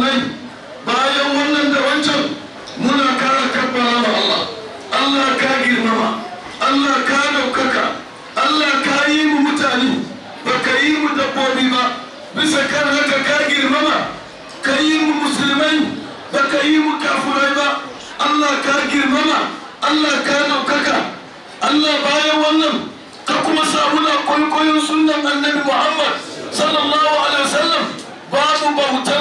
musulmai bayan wannan da wancan muna kara kabbara wa Allah Allah ka girmama Allah ka daukaka Allah ka yi mu mutane ba ka yi mu dabbobi ba bisa kan haka ka girmama ka yi mu musulmai ba ka yi mu kafurai ba Allah ka girmama Allah ka daukaka Allah bayan wannan ka kuma sa sabuna kwaikwayon sunan annabi Muhammad sallallahu alaihi wasallam babu bauta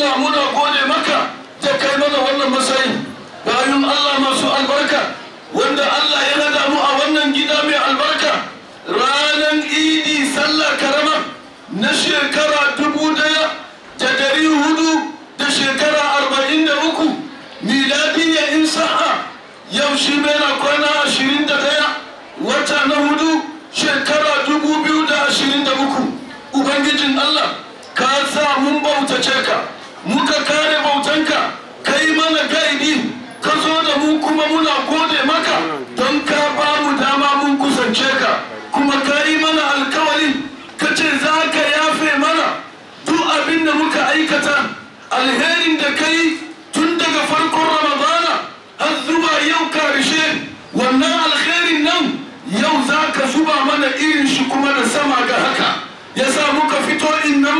Allah muna gode maka ta kai mana wannan matsayi bayan Allah masu albarka wanda Allah ya nada mu a wannan gida mai albarka ranar idi sallah karama na shekara dubu daya da dari hudu da shekara arba'in da uku ya in sa'a yau shi na kwana ashirin da daya wata na hudu shekara dubu biyu da ashirin da uku ubangijin Allah ka sa mun bautace ka muka kare bautanka kai mana gaidi ka zo da mu kuma muna gode maka don ka ba mu dama mun kusance ka kuma ka yi mana alkawari ka ce za ka yafe mana duk abin da muka aikata alherin da ka yi tun daga farkon ramadana har zuwa yau karshe wannan alherin nan yau za ka zuba mana irin shi kuma da sama ga haka ya sa muka fito in da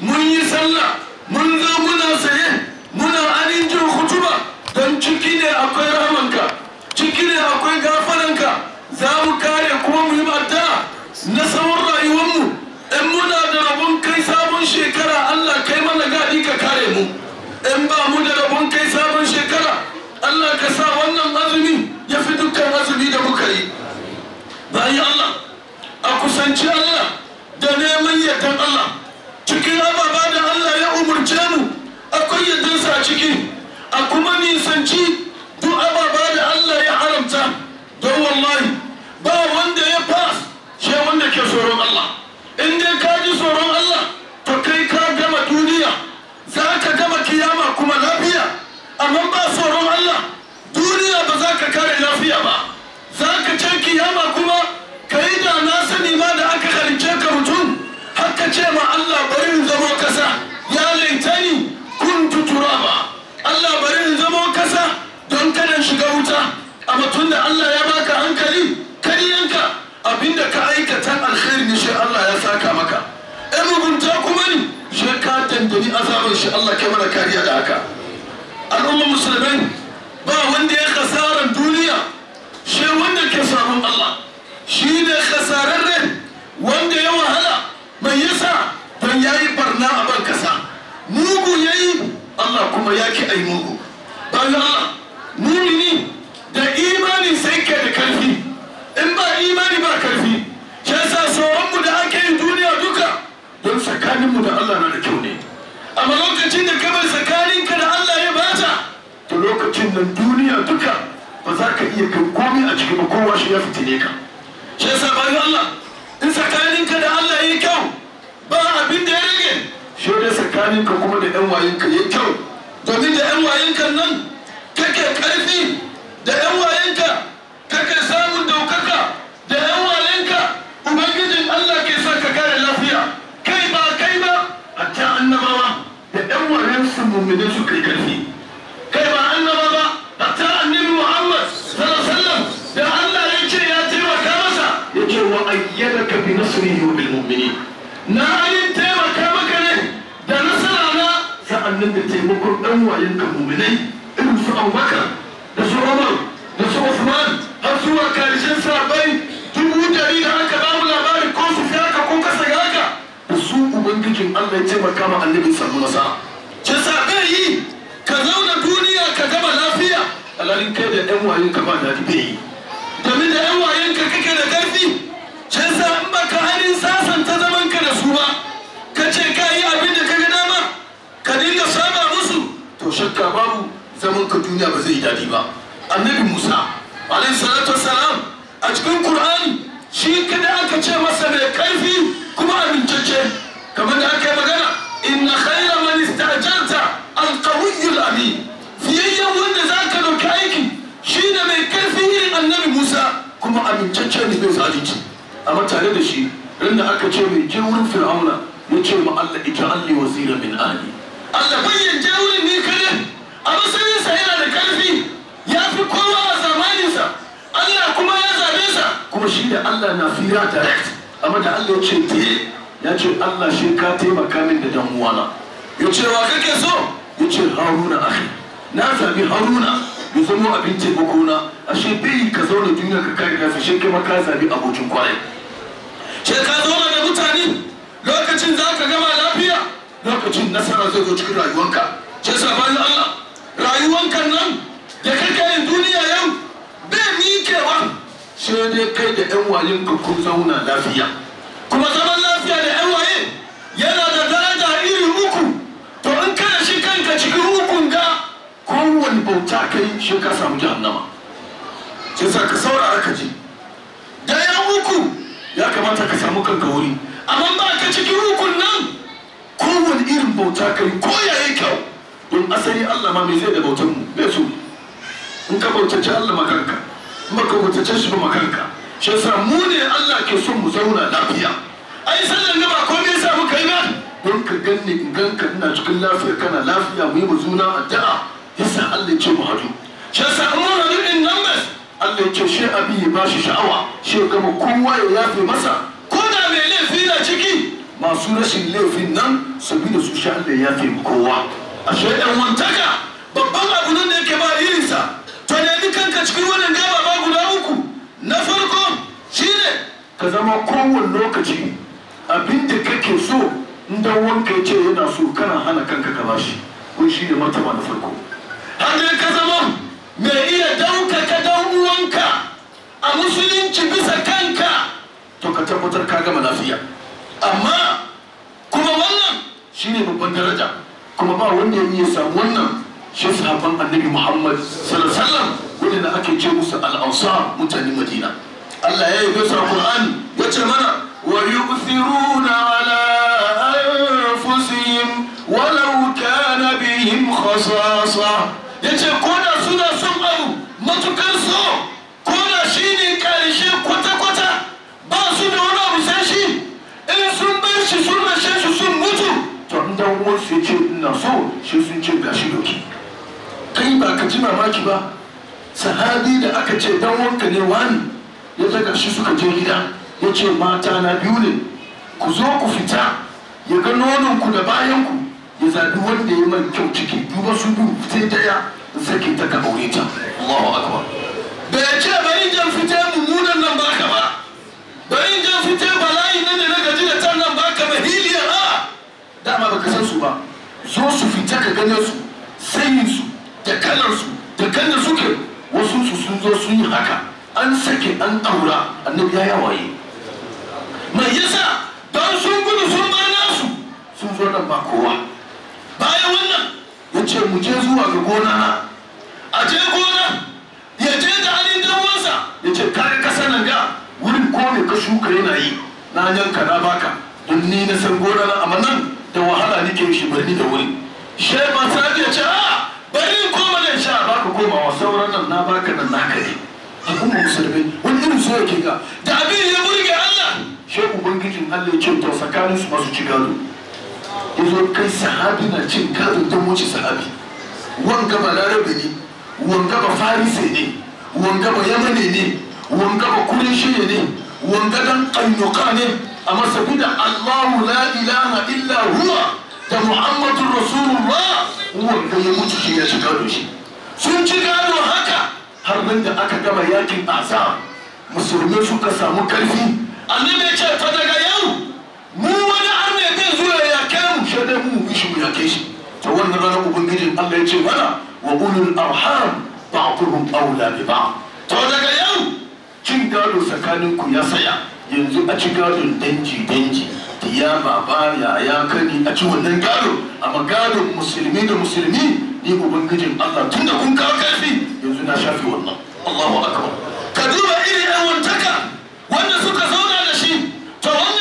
mun yi sallah mun zo muna saye muna anin jin hutuba don ciki ne akwai ramanka ciki ne akwai gafaranka za mu kare kuma mu yi addu'a na tsawon rayuwarmu in muna da rabon kai sabon shekara Allah kai mana gadi ka kare mu in ba mu da rabon kai sabon shekara Allah ka sa wannan azumi ya fi dukkan azumi da muka yi bayi Allah a kusanci Allah da neman yardan Allah cikin ababa da Allah ya umarce mu akwai yadda ciki a kuma nisanci duk ababa da Allah ya haramta don wallahi ba wanda ya fas shi wanda ke tsoron Allah in dai ka ji tsoron Allah to kai ka gama duniya za ka gama kiyama kuma lafiya amma ba tsoron Allah duniya ba za ka kare lafiya ba za ka ce kiyama kuma ka yi da na sani ma da aka halicce ka mutum haka ce ma Allah bari zama kasa ta lintani kuntu turaba Allah bari in zamo kasa don kana shiga wuta amma da Allah ya baka hankali kariyanka abinda ka aikata alkhairi ne shi Allah ya saka maka in mugunta kuma ne shi ka dandani azabar shi Allah kai mana kariya da haka al'ummar musulmai ba wanda ya kasaran duniya shi wanda ke samun Allah shi ne kasararre wanda ya wahala mai yasa don yayi barna a ban kasa mugu ya yi Allah kuma ya ki ai mugu Allah mumini da imani sai ke da karfi in ba imani ba karfi ce sa sauranmu da ake yi duniya duka don tsakaninmu da Allah na da kyau ne amma lokacin da kamar tsakaninka da Allah ya bata to lokacin nan duniya duka ba za ka iya kai komi a cikin kowa shi ya fitine ka shi ba bayan Allah in tsakaninka da Allah ya yi kyau ba abin shi ne tsakanin ka kuma da yan wayen ya kyau domin da yan wayen nan kake karfi da yan wayen kake samun daukaka da yan wayen ka ubangijin Allah ke sa ka kare lafiya kai ba kai ba a ta annabawa da yan wayen su mummune su kai karfi kai ba annaba ba a ta annabi Muhammad sallallahu alaihi wasallam da Allah ya ce ya taimaka masa ya ce wa ayyadaka bi nasrihi wa bil mu'minin na ayin taimaka sa'an nan da taimakon ɗan wayen ka muminai irin su abubakar da su umar da su usman har zuwa karshen sabai dubu dari da aka ba mu labari ko su fi haka ko kasa ga haka da su ubangijin allah ya taimaka ma annabi samu masa. ce sabai yi ka zauna duniya ka gama lafiya alalin kai da ɗan wayen ka ba da yi domin da ɗan wayen ka kake da ƙarfi ce sa in baka hannun sasanta zaman ka da su ba to shakka babu zaman ka duniya ba zai daɗi ba annabi musa alayhi salatu wassalam a cikin qur'ani shi kada aka ce masa mai karfi kuma amincece kamar da aka yi magana inna khayra man istajarta al-qawiyyul fiyayyen wanda zaka dauki aiki shi ne mai karfi irin annabi musa kuma amincece ne mai zalunci amma tare da shi ran da aka ce mai je fir'auna ya ce ma Allah alli wazira min ahli alfayyan jawurin ni kare a sa yana da karfi ya fi kowa a zamaninsa Allah kuma ya zabe sa kuma shi da Allah na fira direct amma da Allah ya ce te ya ce Allah shi ka taimaka min da dan uwana ya ce wa kake so ya ce Haruna akhi na zabi Haruna ya zama abin taimako na ashe bai ka zauna duniya ka kare kansa shi kuma ka zabi abokin kwarai shi ka zauna da mutane lokacin za ka gama lafiya lokacin nasara zai zo cikin rayuwanka ce sabon Allah rayuwankan nan da kake yin duniya yau bai miƙewa sai ne kai da ɗan wayin ka kun zauna lafiya kuma zaman lafiya da ɗan waye yana da daraja iri uku to in kana shi kanka cikin ukun ga kowane bauta kai shi ka samu jahannama ce sa ka saurara ka ji da yan uku ya kamata ka samu kanka wuri amma ba ka cikin ukun nan kowane irin bauta kai ko ya yi kyau don asali Allah ma me zai da bautan mu bai so in ka bautace Allah makanka in ba ka bautace shi ba makanka shi yasa mu ne Allah ke son mu zauna lafiya ai sallar ne ba me yasa muka yi ba don ka ganni in ganka ina cikin lafiya kana lafiya mu yi mu zuna addu'a yasa Allah ya ce mu hadu shi yasa mu hadu in numbers Allah ya ce shi abi ya bashi sha'awa shi ya gama kowa ya yafe masa masu rashin laifin nan su bi da su sha da ya fi kowa ashe shaidan wantaka babban abu nan da yake ba irinsa to ne kanka cikin wannan gaba ba guda uku na farko shine ka zama kowane lokaci abin da kake so in dan wanka ya ce yana so kana hana kanka ka bashi kun shi ne martaba na farko har da ka zama mai iya daukaka dan uwanka a musulunci bisa kanka to ka tabbatar ka gama lafiya amma kuma wannan shine babban daraja kuma ba wanda ya iya samu wannan shi sahabban annabi muhammad sallallahu alaihi da ake ce musu al-ansar mutanen madina Allah ya yi bisa Qur'an ya ce mana wa yu'thiruna ala anfusihim walau kana bihim khasasa yace ko da suna son abu matukar shi sun shi su sun mutu to in dan uwan su ce ina so shi sun ce ga shi doki kai ba ka ji mamaki ba sahabi da aka ce dan wanka ne wani ya daga shi suka je gida ya ce mata na biyu ne ku zo ku fita ya ga ku da bayanku ya zaɓi wanda ya man kyau ciki duba su biyu sai daya sake ta ka aure ta Allahu akbar bai ce bari jan fita mummunan nan ba ka ba bari dama baka san su ba zo su fita ka gane su sayin su da kallon su da kallon suke wasu su sun zo sun yi haka an sake an aura annabi ya yawaye mai yasa don sun gudu sun bar nasu sun zo nan ba kowa bayan wannan ya ce mu je zuwa ga gona a je gona ya je da halin damuwarsa ya ce kare kasa nan ga wurin kome ka shuka yana yi na yanka na baka don ni na san gona na amma nan da wahala ke shi bari da wuri shi ban sabi ya ce a ah, bari koma da sha ba ka koma wa sauran nan na baka nan naka ne kuma musulmi wani irin so yake ga da abin ya burge Allah shai ubangijin Allah ya ce to tsakanin su masu ci gado yazo kai sahabi na cin gado don wuce sahabi wanga ba larabe ne wanga ba farise ne wanga ba yamane ne wanga ba kurishi ne wanga dan ayyuka ne a masabida Allahu la ilaha illa huwa da Muhammadu Rasulullah wanda ya mutu shi ya ci gado shi sun ci gado haka har nan da aka gama yakin azab musulmi suka samu karfi annabi ya ce fa daga yau mu wani arna zai zuwa ya kai mu shi da mu mu ya shi to wannan ranar ubangijin Allah ya ce mana wa ulul arham ba'dhum awla bi ba'd to daga yau kin gado tsakanin ku ya saya yanzu a ci gadon danji danji tiyama baya ya kani a ci wannan gado amma gadon musulmi da musulmi ni ubangijin Allah tun da kun kawo karfi yanzu na shafi wannan Allahu akbar ka duba irin yan wantaka wanda suka zauna da shi to wannan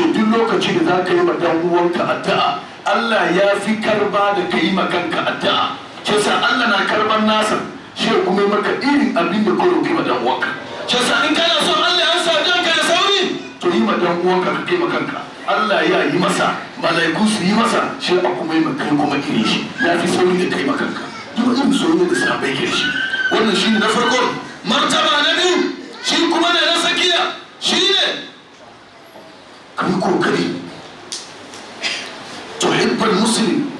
ce duk lokaci da za ka yi ma dan uwanka addu'a Allah ya fi karba da ka yi ma kanka addu'a ce sa Allah na karban nasa shi kuma maka irin abin da ka ma uwanka ce sa in kana son Allah ya sa kanka da sauri to yi ma uwanka ka taimaka kanka Allah ya yi masa malaiku su yi masa shi a kuma yi maka kuma irin shi ya fi sauri da kai ma kanka duk irin soyayya da sabai ke shi wannan shi na farko martaba na biyu shi kuma ne na sakiya shi ne a yi kokari tuhibbul muslim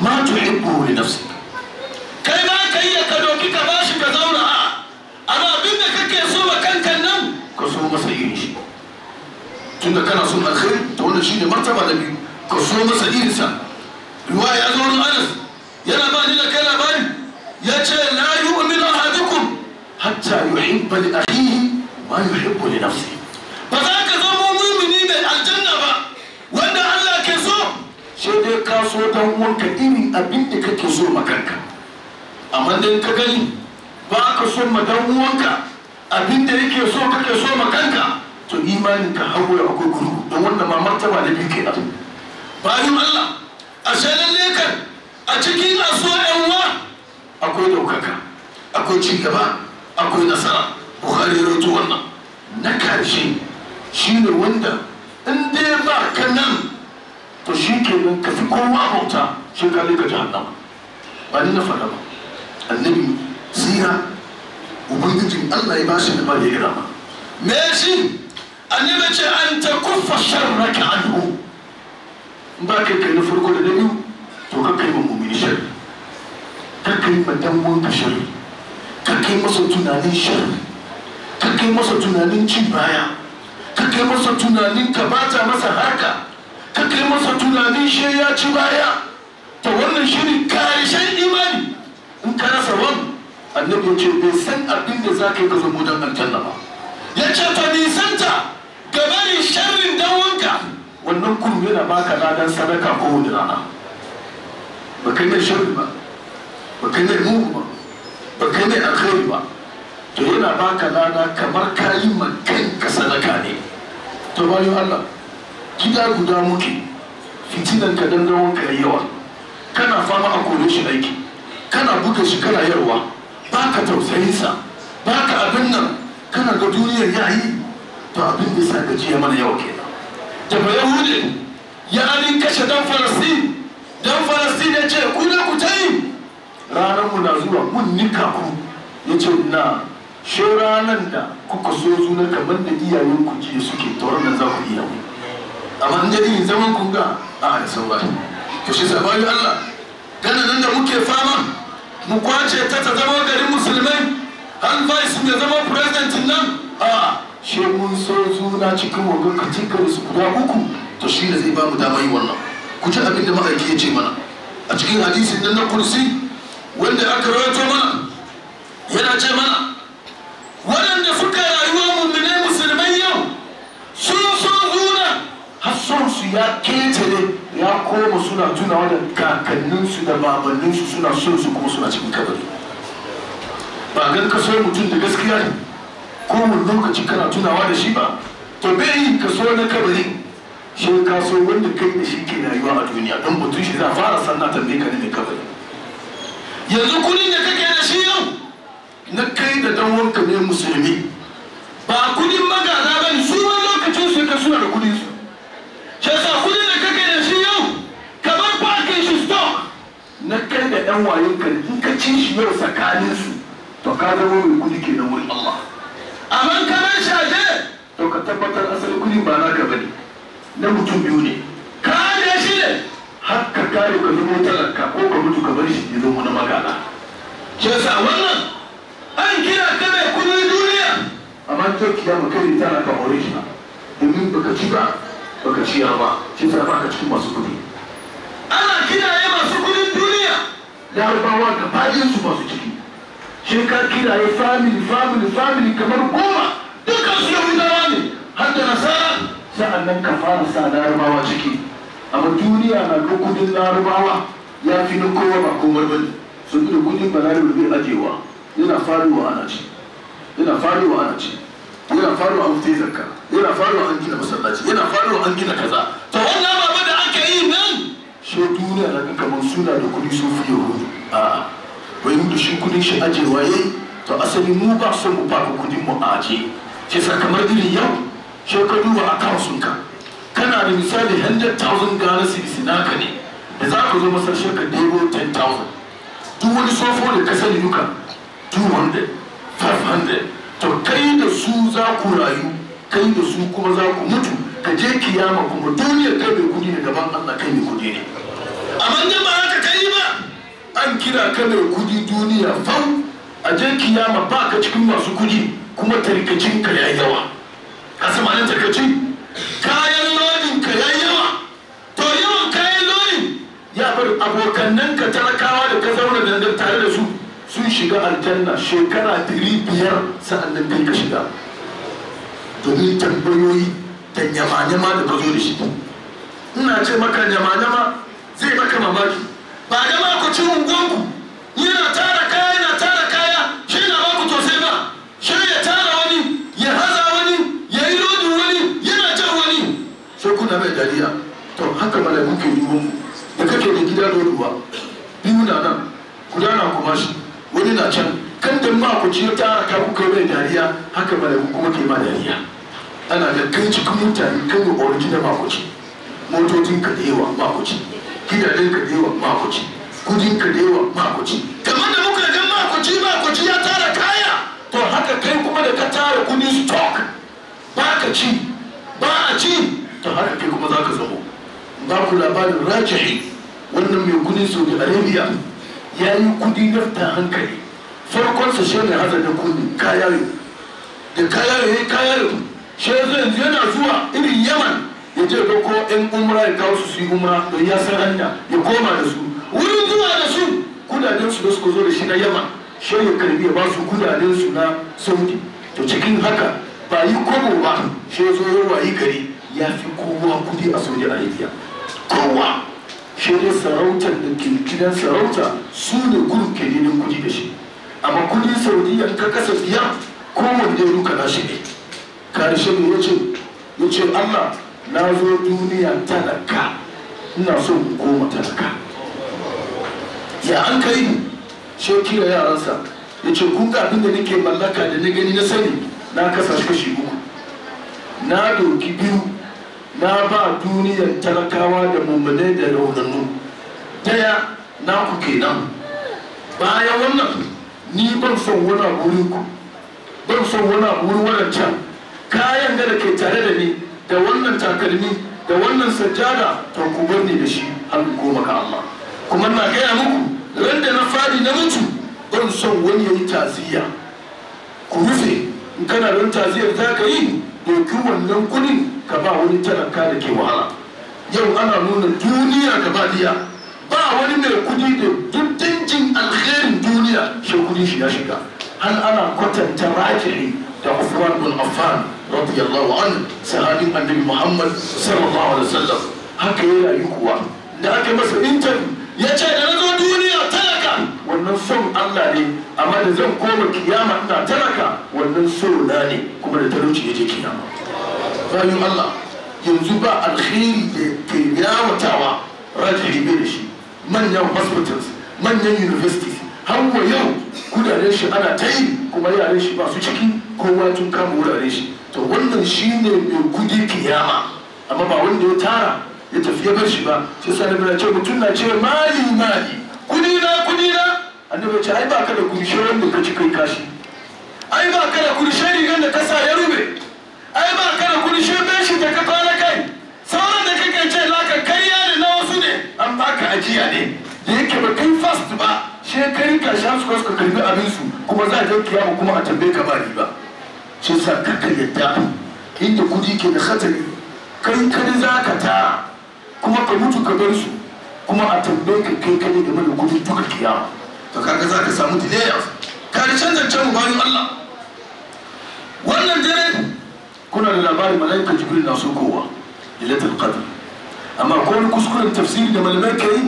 ma tuhibbu li nafsi kai ma kai ya ka doki ka bashi ka zauna a amma abin da kake so wa kankan nan ka so masa irin shi tunda kana son alkhairi to wannan shine martaba da biyu ka so masa irin sa riwaya ya zo wurin Anas yana ba ni da kai labari ya ce la yu'minu ahadukum hatta yuhibba li akhihi ma yuhibbu li nafsihi ba za ka zama shi ne aljanna ba wanda Allah ke so shi dai ka so dan uwanka iri abin da kake so kanka amma dan ka gani ba ka so ma dan uwanka abin da yake so kake so makanka to imanin ka haura gurguru don wannan ma martaba da bi ke nan bayan Allah a shalan lekar a cikin aso wa akwai daukaka akwai cigaba akwai nasara bukhari ya wannan na karshe shine wanda ne ba ka nan to shi ke nan ka fi kowa bauta shi ka leka jahannama ba ni na faɗa ba annabi sira ubangijin allah ya ba shi da ba da ya rama me shi annabi ce an ta kuffa sharraka anhu ba kai kai na farko da na biyu to ka kai ma mumini sharri ka kai ma dan wanka shari ka kai masa tunanin shari ka kai masa tunanin cin baya ka kai masa tunanin ka bata masa harka ka kai masa tunanin shi ya ci baya ta wannan shirin karshen imani in ka rasa wani annabi ce bai san abin da za ka yi ka zamo don aljanna ba ya ce ta nisanta game da sharrin dawanka wannan kun yana baka ladan sadaka ko rana ba kai ne sharri ba ba kai ne mugu ba ba kai mai alkhairi ba to yana baka lada kamar ka yi ma ka sadaka ne to bayan Allah gida guda muke fitinan ka dandawan ka yawa kana fama a kore shi aiki kana buga shi kana yarwa baka tausayinsa baka abin nan kana ga duniyar yayi to abin da sa gaji mana yawa kenan da ba yahudi ya alin kashe dan falastin dan falastin ya ce ku ne ku ta yi ranar mu na zuwa mun nika ku ya ce na shi ranar da kuka so juna kamar da iyayen ku jiya suke ta nan za ku iya mu amma in jari zaman kun ga a da saurari to shi sabani Allah gana nan da muke fama mu kwace ta ta zama garin musulmai har vice ne zama president nan a shi mun so juna cikin wagon katikar su guda uku to shi ne zai ba mu dama yi wannan ku ji abin da ma'aiki ya ce mana a cikin hadisin nan na kursi wanda aka rawato mana yana ce mana ya ne ya koma suna tunawa da kakanninsu da babanninsu suna so su kuma suna cikin kabari ba gan ka soya mutum da gaskiya ne ko mun lokaci kana tunawa da shi ba to bai yi ka so na kabari shi ka so wanda kai da shi ke rayuwa a duniya don mutum shi za fara sanna tambaye ka ne mai kabari yanzu kudin da kake da shi yau na kai da dan wanka ne musulmi ba kudin magaza ba su ma lokacin su ka suna da kudi ɗan wayo ka in ka ci shi yau tsakanin su to ka zama mai kudi na wurin Allah amma ka nan shaje to ka tabbatar asalin kudi ba ka bane na mutum biyu ne ka da shi ne har ka kare ka zama talaka ko ka mutu ka bar shi ya zama na magana ke sa wannan an kira ka mai kudi duniya amma ta kiyama kai ka aure shi ba domin baka ci ba baka ci ba shi yasa ba ka cikin masu kudi ana kiyaye masu larabawa gabaɗin su masu ciki shi ka kiraye family family family kamar goma dukkan su yahudawa ne har da nasara sa'an nan ka fara sa larabawa ciki amma duniya na lokudin larabawa ya fi na kowa ba komar bane sun da kudin balarabar bai ajewa yana faruwa ana ci yana faruwa ana ci yana faruwa an fitar zakka yana faruwa an gina masallaci yana faruwa an gina kaza to wannan abu da aka yi nan shi duniya na ga kamar suna da kudi sun fi yahudu a'a wai mu da shi kuɗin shi ajewa yayi to asali mu ba so mu ba kuɗin mu a aje shi sa kamar irin yau shi ka duba akawun sun ka kana da misali 100,000 Ghana cedis naka ne da za ka zo masar shi ka debo 10,000 duk wani sofo da ka sani duka 200 500 to kai da su za ku rayu kai da su kuma za ku mutu ka je kiyama kuma duniyar kai mai kudi ne gaban Allah kai mai kudi ne a in ba haka ka yi ba an kira ka kudi duniya fam a je kiyama ba ka cikin masu kudi kuma tarkacin ka ya yawa ka sama nan tarkaci kayan lodin ka ya yawa to yawan kayan lodin ya bar abokannan ka talakawa da ka zauna dandan tare da su sun shiga aljanna shekara dari biyar sa'an nan ka shiga domin tambayoyi da nyama-nyama da ka zo da shi ina ce maka nyama-nyama zai maka mamaki ba da ma ku yana tara kaya yana tara kaya shi na ba ku tosai ba shi ya tara wani ya haza wani ya yi lodin wani yana jan wani sai kuna mai dariya to haka mala muke duban da kake da gida loduwa biyu na nan guda na kuma shi wani na can kan da ma ku tara ka kai mai dariya haka mala kuma ke ma dariya ana da kai cikin mutane kan da original makoci motocin ka da yawa gidajen ka makoci kudin ka makoci kamar da muka ga makoci makoci ya tara kaya to haka kai kuma da ka tara kudin stock ba ka ci ba a ci to haka kai kuma za ka zamo ba ku labarin rajahi wannan mai kudin saudi arabia ya yi kudi na ta hankali sa shi ne hasa da kudi da kayayo ya yi kayayo shi yanzu yana zuwa irin yaman ya je ko ɗan umra ya kawo su su yi umra don ya san hanya ya koma da su wurin zuwa da su kudaden su da suka zo da shi na yama shi ya karbi ya ba su kudaden su na saudi to cikin haka ba yi kobo ba shi ya zo yawa yi gari ya fi kowa kudi a saudi arabia kowa shi ne sarautar da ke sarauta su ne gudu ke neman kudi da shi amma kudi ya ka kasa biya kowanne ruka na shi ne karshen ya ce allah na zo duniya talaka ina so in koma talaka ya an kai sai kira yaransa ya ce kun ga abin da nake mallaka da na gani na sani na kasa kashi uku na doki biyu na ba duniyar talakawa da mummunai da raunannu daya na ku kenan bayan wannan ni ban son wani abu ku ban son wani abu wadancan kayan da ke tare da ni da wannan takalmi da wannan sajjada to ku bar da shi an goma ka Allah kuma na gaya muku randa na fadi na mutu ban son wani yayi taziya ku rufe in kana don taziyar za ka yi doki wannan kudin ka ba wani talaka da ke wahala yau ana nuna duniya gaba daya ba wani mai kudi da duk dinjin alherin duniya shi kudi shi ya shiga har ana kwatanta raki'i da Uthman bin Affan radiyallahu an sahabin annabi muhammad sallallahu alaihi wasallam haka ya rayu kuwa da aka masa intabi ya ce da na duniya talaka wannan son allah ne amma da zan koma kiyama ina talaka wannan so na ne kuma da talauci ya je kiyama bayan allah yanzu ba alkhairi da ke yawatawa rajin da shi manyan hospitals manyan universities har wa yau gudaren shi ana ta yi kuma yaren shi ba su ciki kowa tun kama wuraren shi to wannan shi ne mai gudi kiyama amma ba wanda ya tara ya tafi ya bar shi ba sai sani na ce mutum na ce mali mali kudi na kudi na annabi ce ai ba ka da kurshe wanda ka ci kai kashi ai ba ka da kurshe rigar da ta sa ya rube ai ba ka da kurshe shi da ka kwana kai sauran da kake ce laka kariya ne na wasu ne an baka ajiya ne da yake ba kai fast ba ce kai ka sha su suka karbi abin su kuma za a je kiyama kuma a tambaye ka ba riba shi sa kaka yadda inda kudi ke da hatsari kai kai za ka ta kuma ka mutu ka bar su kuma a tambaye ka kai kai game da kudi duka kiyama to kaga za ka samu dileya karshen zancen mu bayan Allah wannan dare kuna da labarin malaikan jibril na sokowa lilatul qadr amma ko wani kuskuren tafsiri da malamai kai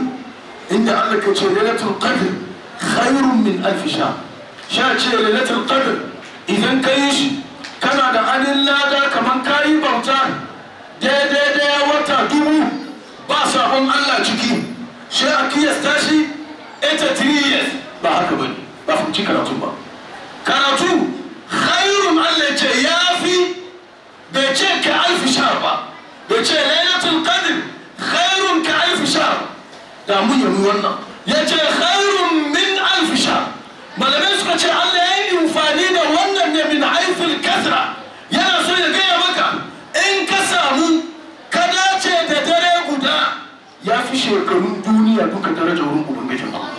inda Allah ka ce lailatul qadr khairun min alfi sha ce lailatul qadr idan ka yi shi kana da anin lada kamar ka yi bauta daidai daya wata dubu ba sabon Allah ciki shi a kiyasta shi 83 years ba haka ba ne ba fahimci karatu ba karatu khairun Allah ce ya fi bai ce ka alfi bai ce lailatul qadr khairun ka alfi da mun yi wannan ya ce khairun malamai suka ce Allah ya yi amfani da wannan ne min haifin kasra yana so ya gaya maka in ka samu ka dace da dare guda ya fi shekarun duniya duka daraja wurin ubangijin ba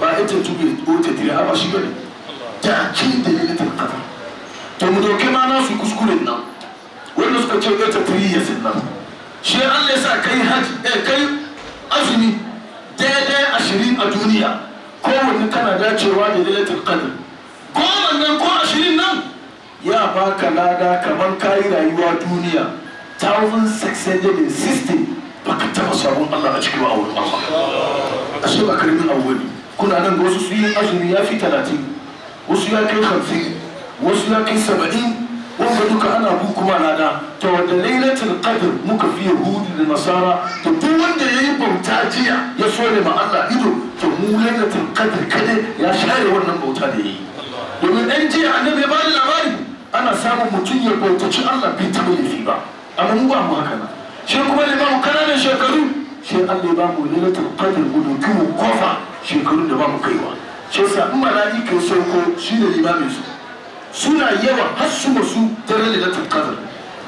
ba ita tubi ko ta dire ba shi bane ta ki da ne ta kada to mu doke ma na su kuskuren nan wanda suka ce ta tiri ya sinna shi Allah ya sa kai haji eh, kai azumi daidai ashirin a duniya ko mutum tana dacewa da lailatul qadr goma nan ko ashirin nan ya baka lada kamar kayi rayuwa duniya 1660 baka taba sabon Allah a cikin awon a ashe ba karbin awwali kuna nan da wasu su yi azumi ya fi talatin wasu ya kai hamsin wasu ya kai saba'in wanda duka ana muku ba lada ta wanda lailatul qadr muka fi yahudi da nasara to duk wanda yayi bauta jiya ya sole ma Allah ido to mu lailatul qadr kade ya share wannan bauta da yayi domin ɗan jiya annabi ba da labari ana samun mutum ya bautaci Allah bai taɓa yafi ba amma mu ba mu haka nan shi kuma ne ba mu kananan shekaru shi Allah ya ba mu lailatul qadr gudu kofa shekaru da ba mu kaiwa shi yasa in mala'ika sauko shine ne limamin su suna yawa har su masu daren lailatul qadr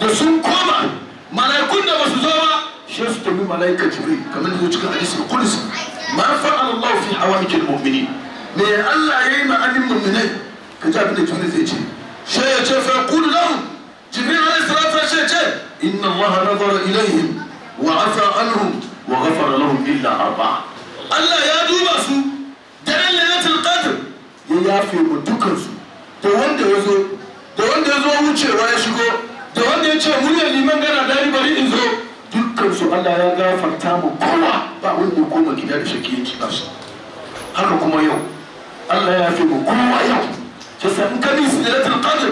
da sun koma malaikun da basu zo ba shi su tabi malaika jibril kamar da cikin hadisi qudsi ma fa'ala Allah fi awamikil mu'minin me Allah yayi ma alin mu'minai ka ji abin da jibril zai ce shi ya ce fa qul lahum jibril alayhi salatu wa sallam ce inna Allah nazara ilaihim wa afa anhum wa ghafara lahum illa arba'a Allah ya duba su daren lailatul qadr ya yafe mu dukansu da wanda ya zo da wanda ya zo wucewa ya shigo da wanda ya ce muryar liman gana dari bari in zo dukkan su Allah ya gafarta mu kowa ba wanda ya koma gida da shaki yake ba su haka kuma yau Allah ya fi mu kowa yau shi san in ka da latin qadr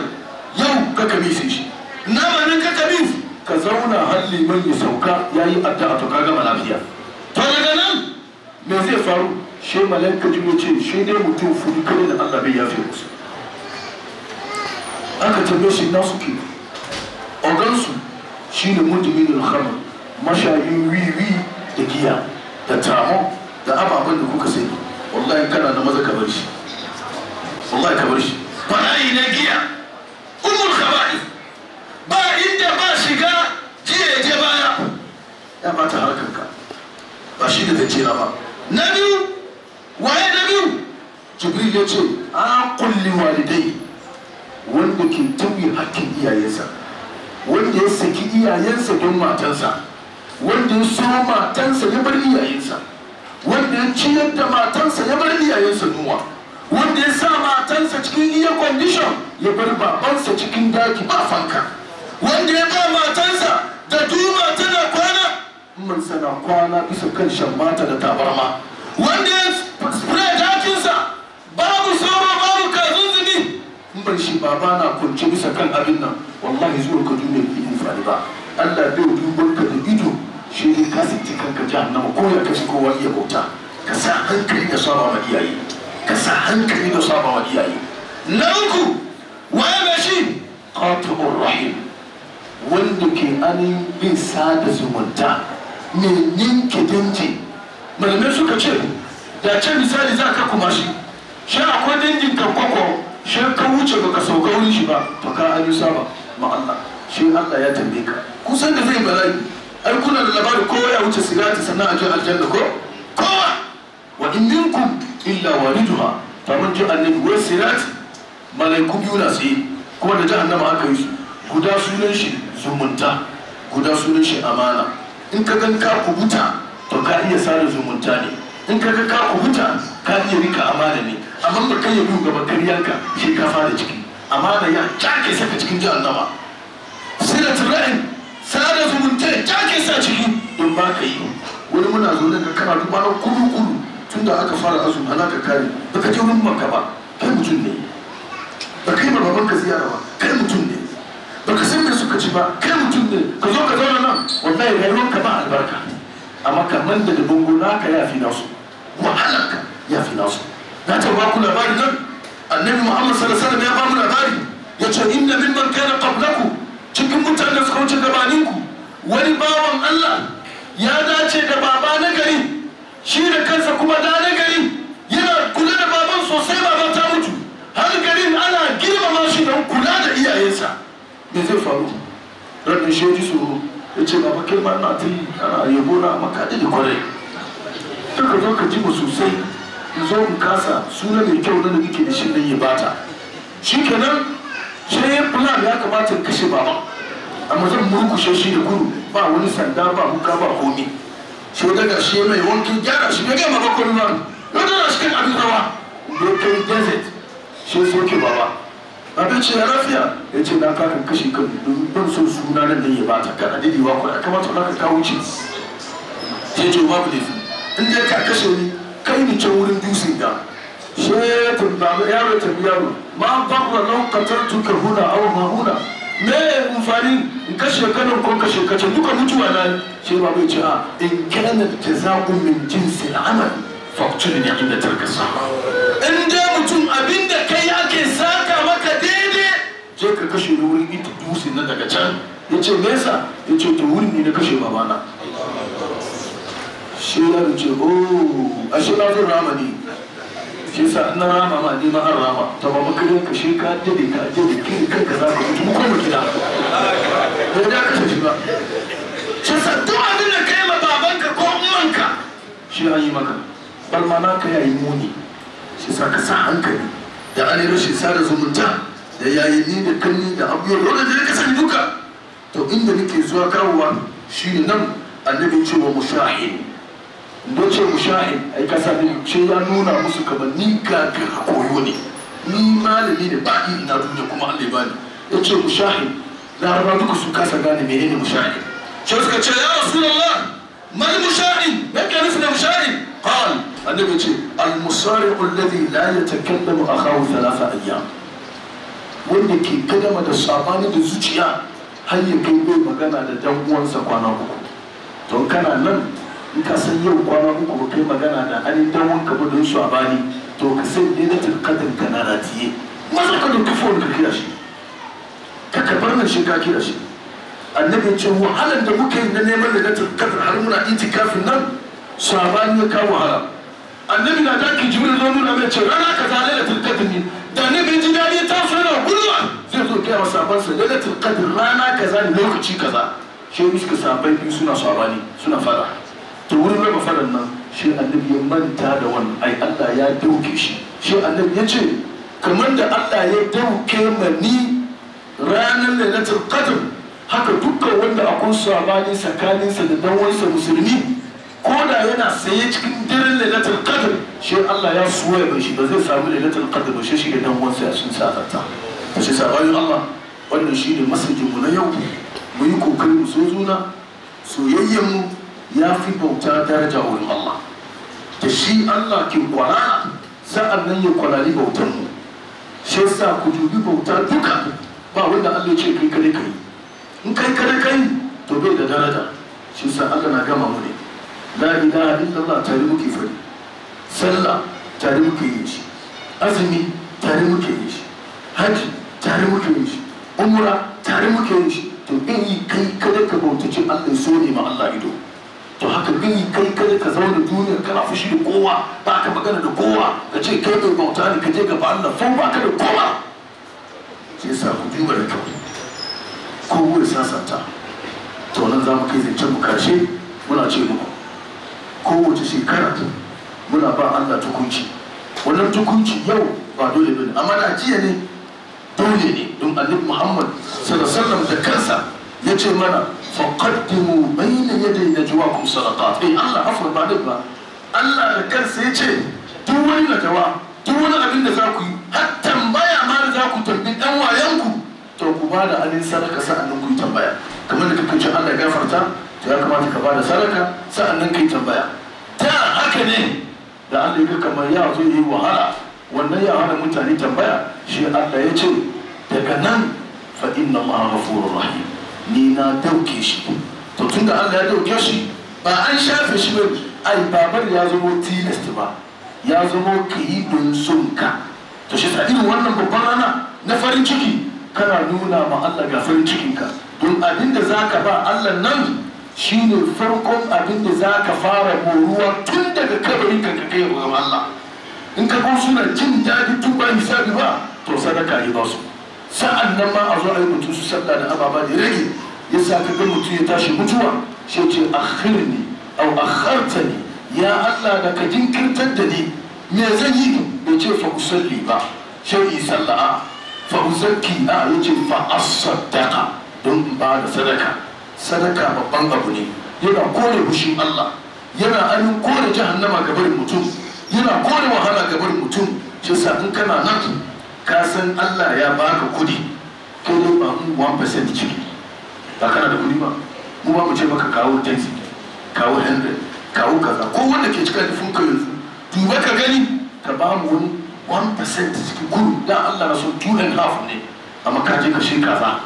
yau ka ka shi na ma nan ka ka ka zauna har liman ya sauka ya yi addu'a to ka gama lafiya to daga nan me zai faru shi malaika jibo ce shi ne mutum fudu kare da Allah bai yafe musu an ka tambaye shi ina suke ogansu shine ne mujibin khamr mashayin wiwi da giya da tamo da ababen da kuka sani wallahi kana da maza kabar shi wallahi kabar shi fara'i na giya umul khaba'i ba inda ba shiga jiya je baya ya bata harkarka ba shi da zace ba na waye na biyu jibril ya ce a kulli walidai wanda ke tabi hakkin iyayensa wanda ya saki iyayensa don matansa wanda ya so matansa ya bar iyayensa wanda ya ci da matansa ya bar iyayensa nuwa wanda ya sa matansa cikin iya kwandishon ya bar babansa cikin daki ba fanka wanda ya ba matansa da duma tana kwana man sana kwana bisa kan shan mata da tabarma wanda ya spray dakinsa babu sauran in shi baba na kunce bisa kan abin nan wallahi zuwa ka duniya in amfani ba Allah bai duban ka da ido shi ne ka sinci kanka jahannama ko ya kashi kowa iya bauta ka sa hankali da saba wa iyaye ka sa hankali da saba wa iyaye na uku Wa ya shi qati'ur rahim wanda ke anin bin sada zumunta mai ninke danji malamai suka ce da ce misali za ka kuma shi shi akwai dangin kan kwakwa shi ka wuce ba ka sauka wurin shi ba ba ka an yi saba ma Allah shi Allah ya tambaye ka kusan da zai bala'i ai kuna da labarin kowa ya wuce sirati sannan a je aljanna ko kowa wa in minkum illa waliduha fa man ji annabi wa sirati malaiku biyu na sai kuma da jahannama aka yi su guda sunan shi zumunta guda sunan shi amana in ka gan ka kubuta to ka iya sare zumunta ne in ka ga ka kubuta ka iya rika amana ne amma ba kai ya gudu gaban karyanka shi ka fara ciki amma da ya jake saka cikin jahannama sirat ra'in sada zumunta jake sa ciki in ba ka yi wani muna zo daga kana duba na kudu kudu tun da aka fara azu ana ka kare baka je wurin maka ba kai mutum ne ba kai baban ka ziyara ba kai mutum ne baka san me suka ci ba kai mutum ne ka zo ka zauna nan wallahi rayuwar ka ba albarka amma kamar da bango naka ya fi nasu wahalar ka ya fi nasu na ta ba ku labari nan annabi muhammad sallallahu alaihi wasallam ya ba mu labari ya ce inna mimman kana qablaku cikin mutanen suka wuce gabaninku wani bawan allah ya dace da baba na gari shi da kansa kuma da na gari yana kula da baban sosai baba ta mutu har garin ana girmama shi don kula da iyayensa me zai faru rabin shi ji ya ce baba kai ma na ta yi ana yabo na makaɗi da kwarai ka zo ka ji mu sosai in zo in kasa suna mai kyau na da nake da shi na yi bata shi kenan sai ya plan ya kamata ka kashe baba amma zan murkushe shi da gudu ba wani sanda ba wuka ba komai shi ya daga shi mai wankin gyara shi ya gama bakon nan na da shi kan abin rawa da kai desert shi soke baba abin ce ya lafiya ya ce na kakan kashe kan domin son suna nan da ya bata kan adidi wa kuwa kamata ka kawo ce sai ce babu laifi in dai ka kashe ni kai ni ce wurin dutse ga shekun da ba ta yaro ma ba ku da laukatar tuka huna awa ma huna me amfani in kashe kanin ko kashe kace duka mutuwa na shi ba bai ce a in kana jazaa'un min jinsi al'amal faqtulni inda tarkasa in dai mutum abinda kai ake saka maka daidai je ka kashe wurin ita dutse na daga can yace me yasa yace to wurin ne na kashe babana shi ya ce o oh, a shi na zo rama ne shi sa na rama ma ne na an rama ta ba makarin ka shi ka jade ka je da kin ka za ka mutu ko mutu da ba da ka shi ba shi sa duk abin da kai ma babanka ko ummanka shi an yi maka balma na ka yi muni shi sa ka sa hankali da an yi rashin sada zumunta da yayi ni da kanni da abubuwan wanda da ka sani duka to inda nake zuwa kawowa shi ne nan annabi cewa mushahin da ce mu sha'in ai kasa ne ce ya nuna musu kama ni gagar koyo ne ni malami ne ba iri na duniya kuma Allah ya bani ya ce mu mushahin laraba duka su kasa gane menene mushahin shi suka ce ya rasulullah mal mushahin me ke nufi da mu mushahin qal annabi ce al musari'u alladhi la yatakallamu akhahu thalatha ayyam wanda ke kadama da sabani da zuciya har ya kai bai magana da dan uwansa kwana uku don kana nan ka san yau kwana uku ba kai magana da ani dan wanka ba don bani to ka san lailatul qadr ta na ratiye maza ka dauki wani ka kira shi ka karbar nan shi ka kira shi annabi ya ce wahalar da muke na neman lailatul qadr har muna kafin nan su a bani ya kawo wahala annabi na daki jibril zo nuna mai ce rana kaza da qadr ne da annabi ji dadi ta fara gurwa zai zo kai wa sabansa da qadr rana kaza ne lokaci kaza shi suka sabai biyu suna shabani suna fara to wurin raba faran nan shi annabi ya manta da wannan ai Allah ya dauke shi shi annabi ya ce kamar da Allah ya dauke mani ranar lailatul qadr haka dukkan wanda akwai sabani tsakaninsa da danwansa musulmi ko da yana saye cikin daren lailatul qadr shi Allah ya suwaye bai shi ba zai samu lailatul qadr ba shi shi dan wansa ya sun sakarta ta shi sabayin Allah wannan shi ne masajin mu na yau mu yi kokari mu so zuna soyayyen mu ya fi bauta daraja wurin Allah da shi Allah ke kwana sa'an nan ya kwanali bautar mu shi sa ku dubi bauta duka ba wanda Allah ce kai kare kai in kai kare kai to bai da daraja shi sa Allah na gama mu ne la ilaha illallah tare muke fari sallah tare muke yi shi azumi tare muke yi shi haji tare muke yi shi umra tare muke yi shi to in yi kai kada ka bautaci Allah so ne ma Allah ido to haka ni kai kada ka zama da duniya kana fushi da kowa ba ka magana da kowa ka ce kai mai bauta ne ka je gaba Allah fa ba ka da kowa ke sa ku duba da kyau ko mu sasanta to nan za mu kai zancen mu karshe muna ce muku kowace shekara muna ba Allah tukunci wannan tukunci yau ba dole bane amma da jiya ne dole ne don annabi Muhammad sallallahu alaihi wasallam da kansa ya ce mana faƙaddimu bayna yadda ya juwa kun sadaka eh Allah afur ba duk ba Allah da kansa ya ce duk wani nakawa duk wani abin da za ku yi har tambaya ma da za ku tambi dan wayanku to ku ba da alin sadaka sa'annan ku yi tambaya kamar da kake ce Allah ya gafarta to ya kamata ka ba da sadaka sa'annan ka yi tambaya ta haka ne da Allah ya kamar ya zo yi wahala wannan ya hana mutane tambaya shi Allah ya ce daga nan fa inna Allah ghafurur rahim ni na dauke shi to tun da Allah ya dauke shi ba an shafe shi ba ai babar ya zama tilast ba ya zama kaidun sunka to shi sa irin wannan babban rana na farin ciki kana nuna ma Allah ga farin cikinka don abin da zaka ba Allah nan shine farkon abinda da zaka fara boruwa tun daga kabarin ka kai ga Allah in ka ko suna jin daɗi tun ba hisabi ba to sadaka yi ba su sa'an nan ma a zo a yi mutu su sallah da ababa da rage ya sa ka ga mutum ya tashi mutuwa shi ce a au ne ya Allah da ka jinkirtar da ni me zai yi bai ce fa usalli ba shi sallah fa na a ce fa asaddaqa don ba da sadaka sadaka babban abu ne yana kore fushin Allah yana ainihin kore jahannama gabar mutum yana kore wahala gabar mutum shi sa in kana nan ka san Allah ya baka kudi ko dai ba mu 1% ciki ba kana da kudi ba mu ba mu ce maka kawo 10 kawo 100 kawo kaza ko wanda ke cika da funka yanzu duba ka gani ka ba mu wani 1% ciki gudu da Allah na so 2 and half ne amma ka je ka shi kaza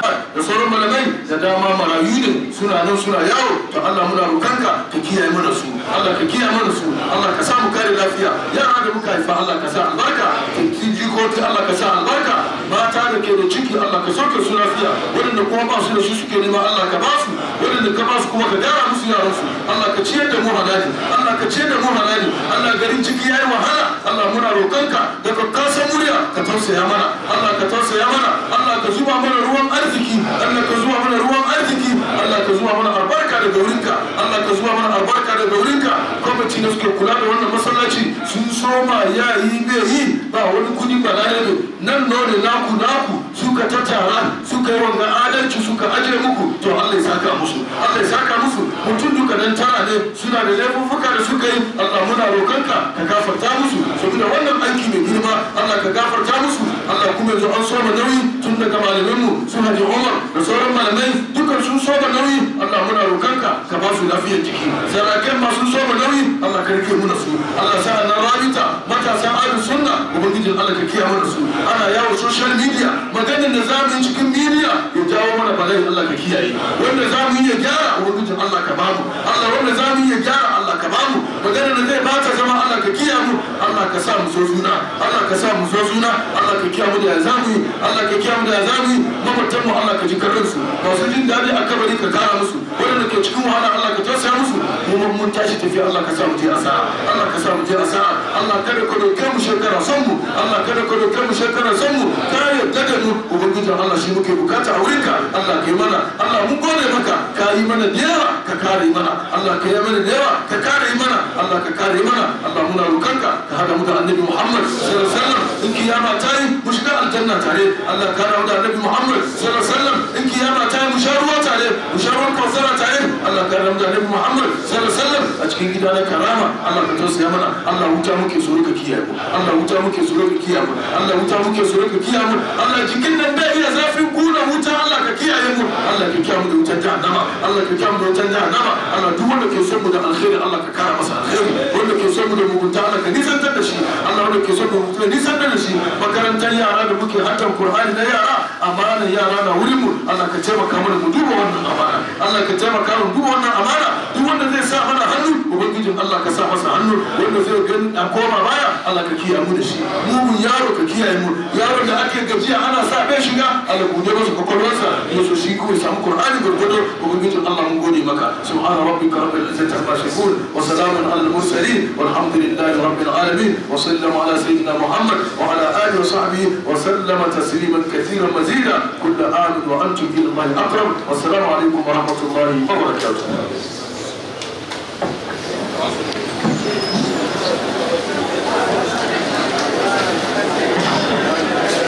da sauran malamai da dama marayu ne suna nan suna yawo to Allah muna roƙonka ka kiyaye mana su Allah ka kiyaye mana su Allah ka samu kare lafiya yara da muka haifa Allah ka sa albarka kotu Allah ka sa albarka mata da ke da ciki Allah ka sauke su lafiya waɗanda kuma ba su da shi suke nema Allah ka ba su waɗanda ka ba su kuma ka gyara musu yaran su Allah ka ciyar da mu halali Allah ka ciyar da mu halali Allah garin ciki yayi wahala Allah muna ka da kasa murya ka tausaya mana Allah ka tausaya mana Allah ka zuba mana ruwan arziki Allah ka zuba mana ruwan arziki Allah ka zuba mana albarka daga wurinka Allah ka zuwa mana albarka daga wurinka kwamiti da suke kula da wannan masallaci sun soma ya yi bai yi ba wani kudi ba na yado nan nore naku naku suka tara suka yi wanga adalci suka ajiye muku to Allah ya saka musu Allah ya saka musu mutum duka dan tara ne suna da laifuffuka da suka yi Allah muna roƙonka ka gafarta musu saboda wannan aiki mai girma Allah ka gafarta musu Allah kuma yanzu an soma nauyi tun daga malamanmu su Haji Umar da sauran malamai dukan sun so ba nauyi Allah muna roƙonka ka ka ba su lafiyar jiki sarakai ma sun so ba nauyi Allah ka rike muna su Allah sa na rabita matasa ahlus sunna ubangiji Allah ka kiyaye muna su ana yawo social media maganar da za mu cikin media ya jawo mana balai Allah ka kiyaye wanda za mu yi ya gyara ubangiji Allah ka ba mu Allah wanda za mu yi ya gyara Allah ka ba mu maganar da zai bata zama Allah ka kiyaye mu Allah ka sa mu so suna Allah ka sa mu so suna Allah ka kiyaye mu da ya zamu Allah ka kiyaye mu da ya zamu yi mu Allah ka ji karansu masu jin daɗi mutane a kabari ka kara musu waɗanda ke cikin wahala Allah ka tausaya musu mu mun tashi tafi Allah ka sa je asara Allah ka sa mu je asara Allah kada ka mu shekara son mu Allah kada ka mu shekara son mu ka yarda da mu ubangiji Allah shi muke bukata a wurinka Allah ka yi mana Allah mun gode maka ka yi mana da yawa ka kare mana Allah ka yi mana da yawa ka kare mana Allah ka kare mana Allah muna ka hada mu da annabi Muhammad sallallahu alaihi wasallam in kiyama ta yi mu shiga aljanna tare Allah ka hada mu da annabi Muhammad sallallahu alaihi wasallam in kiyama ta yi mu sha ruwa ruwa ne ku sha ruwan kawsara tare Allah ka ramta da Muhammad sallallahu alaihi wasallam a cikin gida na karama Allah ka tausaya mana Allah huta muke so ka kiyaye Allah huta muke so ka kiyaye Allah huta muke so ka kiyaye Allah jikin nan da iya zafin kuna huta Allah ka kiyaye mu Allah ka kiyaye mu da wutar jahannama Allah ka kiyaye mu da wutar jahannama Allah duk wanda ke son mu da alkhairi Allah ka kara masa alkhairi wanda ke son mu da mugunta Allah ka nisantar da shi Allah wanda ke son mu da nisantar da shi makarantar yara da muke hakan Qur'ani da yara amana yara na wurin mu Allah ka taimaka mana mu duba wannan amana Allah ka taimaka mu duba wannan amana duk wanda zai sa mana hannu ubangijin Allah ka sa masa hannu wanda zai gani a koma baya Allah ka kiyaye mu da shi mugun yaro ka kiyaye mu yaro da ake gajiya ana sa bai shiga Allah gode masa kwakwalwarsa ya so shi ko ya samu Qur'ani gurgudu ubangijin Allah mun gode maka subhana rabbika rabbil izzati amma yasifun wa salamun alal mursalin walhamdulillahi rabbil alamin wa sallallahu ala sayyidina Muhammad wa ala alihi wa sahbihi wa sallama taslima كثيرا مزيدا كل آن وأنتم إلى الله أقرب والسلام عليكم ورحمة الله وبركاته